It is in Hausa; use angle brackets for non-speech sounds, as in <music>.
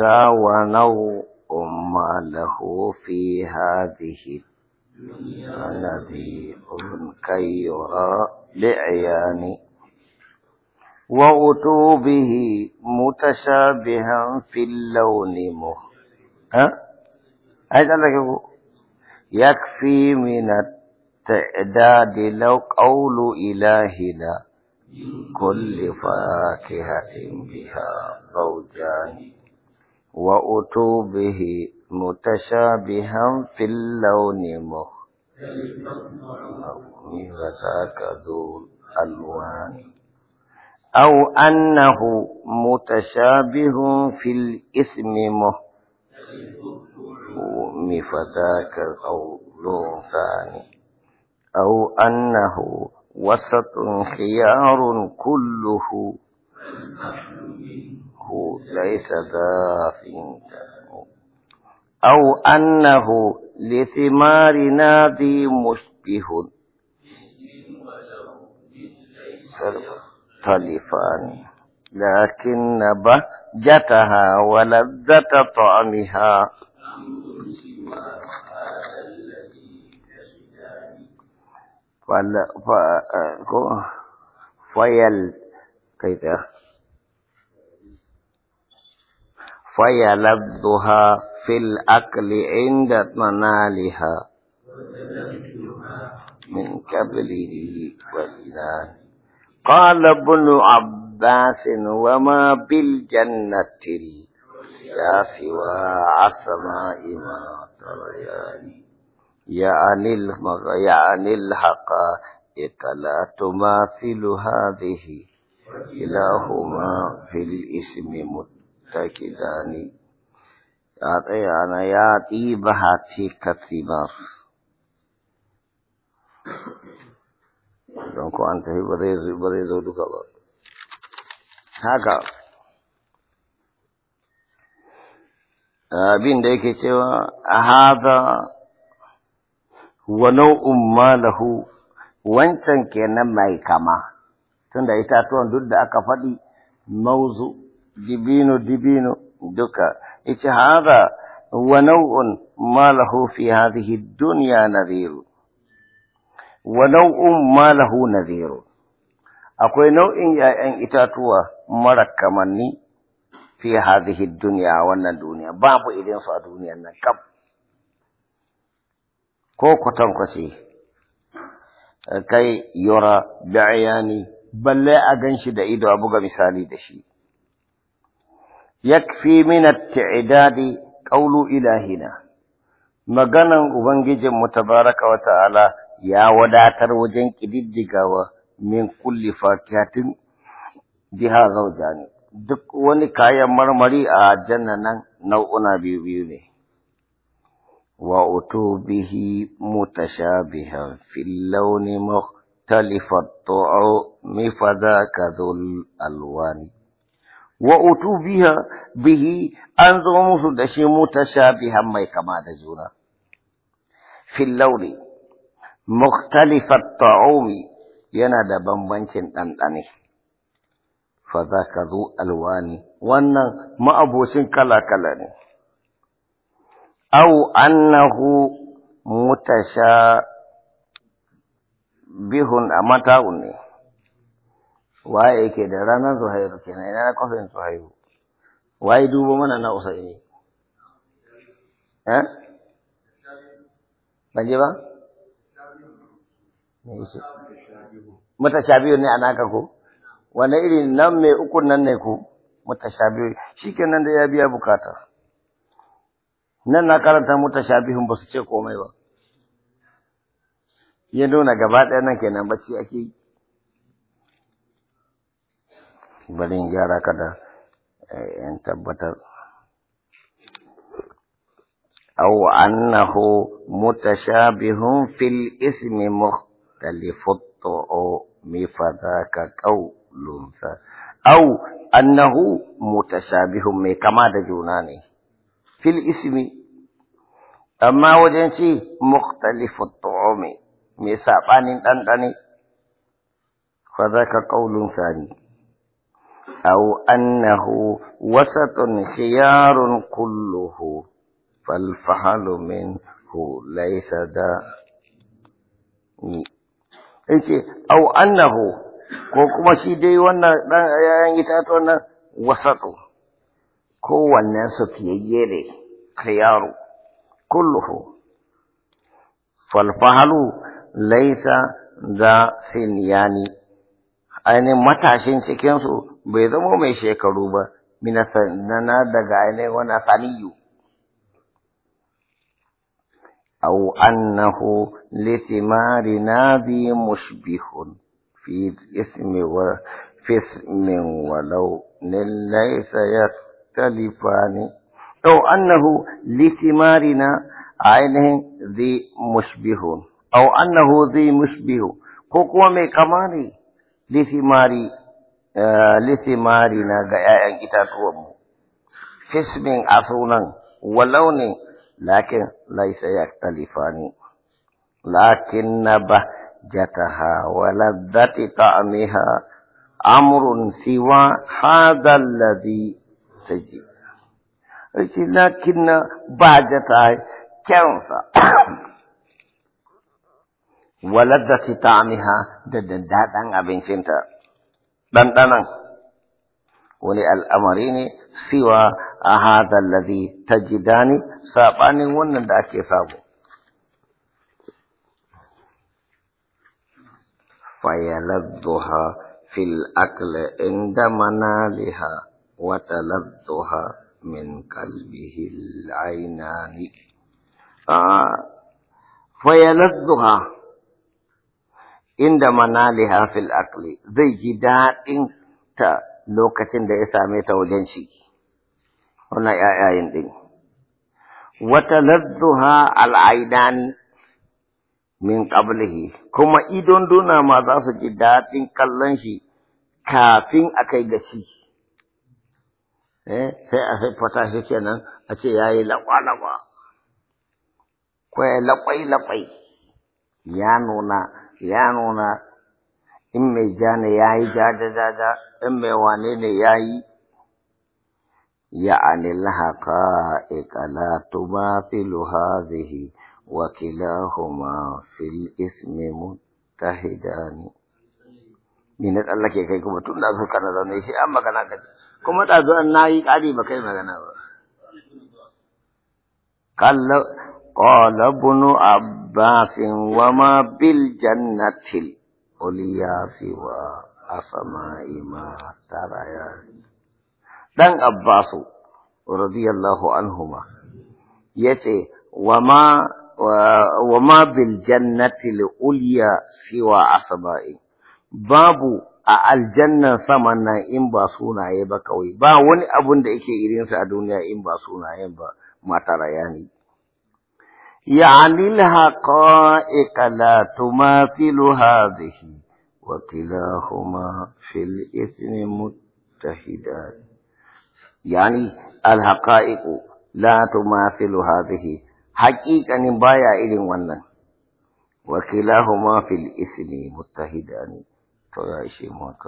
هذا ونوء ما له في هذه الذي كي يرى لعياني وأتوا به متشابها في اللون مه ها أيضا يكفي من التعداد لو قول إلهنا كل فاكهة بها زوجان وأتوا به متشابها في اللون مخ الوان ذو أو أنه متشابه في الاسم مختلف فذاك قول ثاني أو أنه وسط خيار كله ليس ذا أو أنه لثمار نادي مشبه تلفان لكن بهجتها ولذة طعمها فلا ف... آه، فيل كيف فيلذها في الأكل عند منالها من قبله والإله قال ابن عباس وما بالجنة يا سوى عصماء ما تريان يعني المغ... يعني الحقائق لا تماثل هذه كلاهما في الاسم مت sake gane a tsaya na ya ɗiba hace katibar don ko an tafi ba zai zo duka ba haka abin da yake cewa a haza wa umma malahu wancan kenan mai kama tunda itatuwan duk da aka faɗi mauzu dibino dibino duka yace hada wa nau'un ma lahu fi hadhihi dunya nadhiru wa nau'un ma lahu nadhiru akwai nau'in ya'yan itatuwa mara kamanni fi hadhihi dunya wannan duniya babu idan su a duniyan nan kaf ko kwatankwace kai yura da ayani balle a ganshi da ido a buga misali da shi yakfi min at tidadi qawlu ilahina maganan ubangijin mu tabaraka wa ta'ala ya wadatar wajen kididdigawa min kulli fakihatin biha zawjani duk wani kayan marmari a janna nan nau'una biyu biyu ne wa bihi mutashabihan fil lawni mukhtalifat tu'u mifadaka dhul alwani وأتوا بها به أنظروا دشي متشابها ما يكما دجونا في اللون مختلف الطعوم ينادى بمبنشن أنتني فذاك ذو ألوان وأن ما أبوشن كلا كلا أو أنه متشابه أمتاوني waye yake da ranar Zuhairu kenan ina na kwafin Zuhairu waye dubo mana na Usaini eh ban je ba mutashabiyu ne ana ka ko wani irin nan mai ukun nan ne ko shi kenan da ya biya bukata nan na karanta mutashabihun ba su ce komai ba ya nuna gaba ɗaya nan kenan bacci ake yi بلين جارا gyara انت بطل أو أنه متشابه في الاسم مختلف مفذاك فذاك قول أو أنه متشابه من كما دجوناني في الاسم أما وجنسي مختلف الطعم من سابان أنتني فذاك قول ثاني أو أنه وسط خيار كله فالفعل منه ليس دا إنتي أو أنه كوكما دي وانا يا يتات وانا وسط كو الناس في يلي خيار كله فالفعل ليس دا سنياني متى شين سكينسو bai zama mai shekaru ba na daga ainihin wani asaniyu أو أنه لثمار نادي مشبه في اسم وفي اسم ولون ليس يختلفان أو أنه لثمارنا عينه ذي مشبه أو أنه ذي مشبه كوكو مي كماني لثماري Eh, lithimari na ga ‘ya'yan itatuwanmu, fismin a sunan walau lakin laisa ya talifani, lakin na ba jataha wa laddati ta'amiha amrun siwa hadha alladhi taji lakin na ba jataha kyansa <coughs> wa laddati ta'amiha da daddaɗan abincinta. ɗanɗanan wani al'amari ne siwa a hada lazi ta jidani saɓanin wannan da ake samu. فيلذها في الأكل عند منالها وتلذها من قلبه العينان فيلذها inda mana fil akli zai ji daɗin ta lokacin da ya same ta wajen shi wannan ƴaƴayen din wata ladduha al'aidani min qablihi kuma idon duna ma za su ji daɗin kallon shi kafin a kai ga shi eh, sai a siffata shi kenan a ce ya yi laƙwa-laƙwa ko laƙwai-laƙwai ya nuna yanona in mai ja ne ya yi ja da zaza in mai wane ne ya yi ya anilaha ka ikala to ba filo ha zihi wakila homa fili ismi mu ta hidani ni na tsallake ke kai kuma tun da su kana zaune shi an magana ka kuma ta zuwa na yi kari ba kai magana ba قال ابن عباس وما بالجنة العليا سوى أسماء ما ترى دان عباس رضي الله عنهما يتي وما وما بالجنة العليا سوى أسماء babu a aljannan saman nan in ba sunaye ba kawai ba wani abun da yake irinsa a duniya in ba sunaye ba mataraya ne يعني الحقائق لا تماثل هذه وكلاهما في الإثم متحدان يعني الحقائق لا تماثل هذه حقيقة نبايا إلى ونن وكلاهما في الإثم متحدان ترى طيب شيء